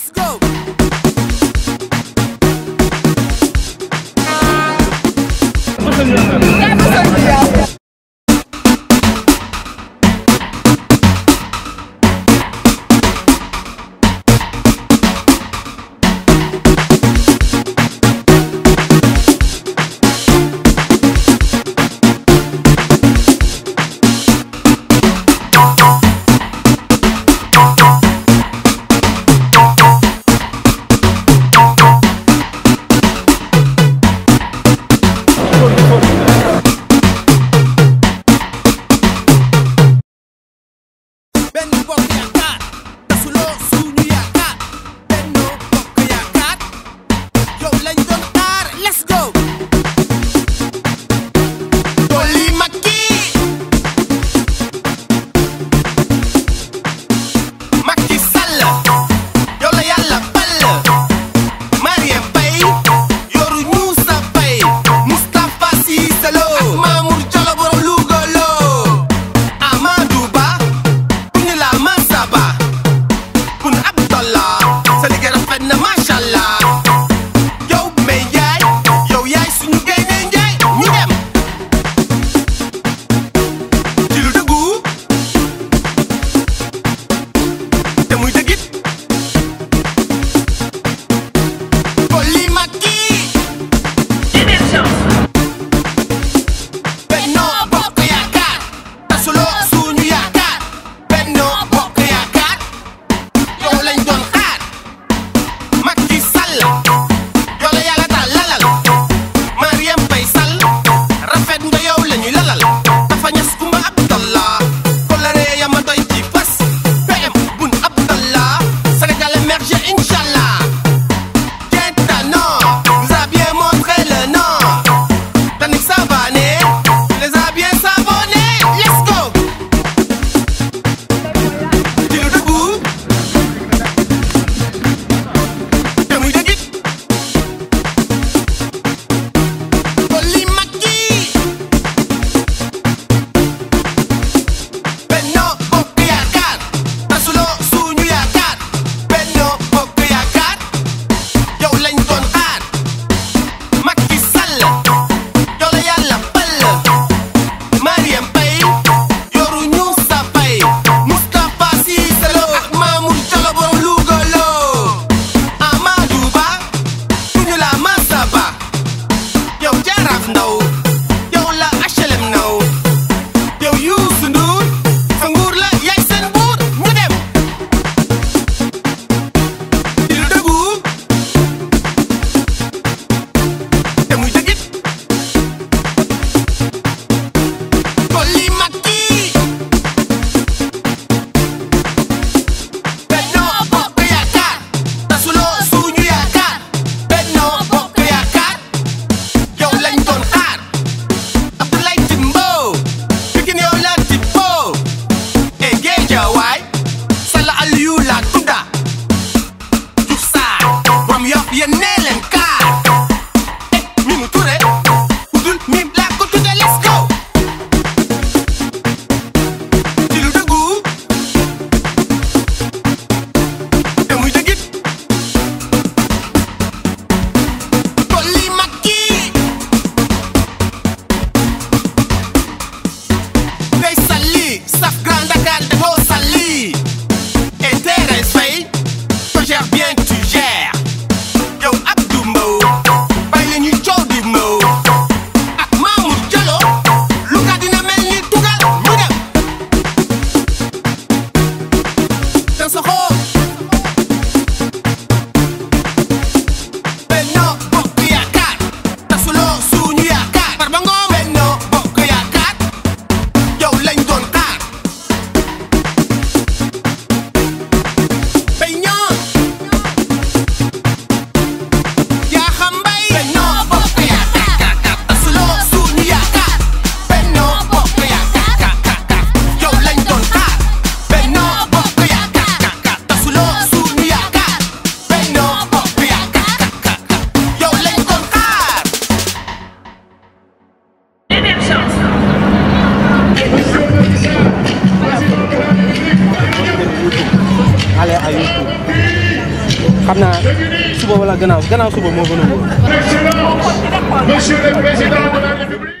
Let's go. lañ let's go Ellen Carr xam naa suba wala gannaaw gannaaw suba moo gën a wóor.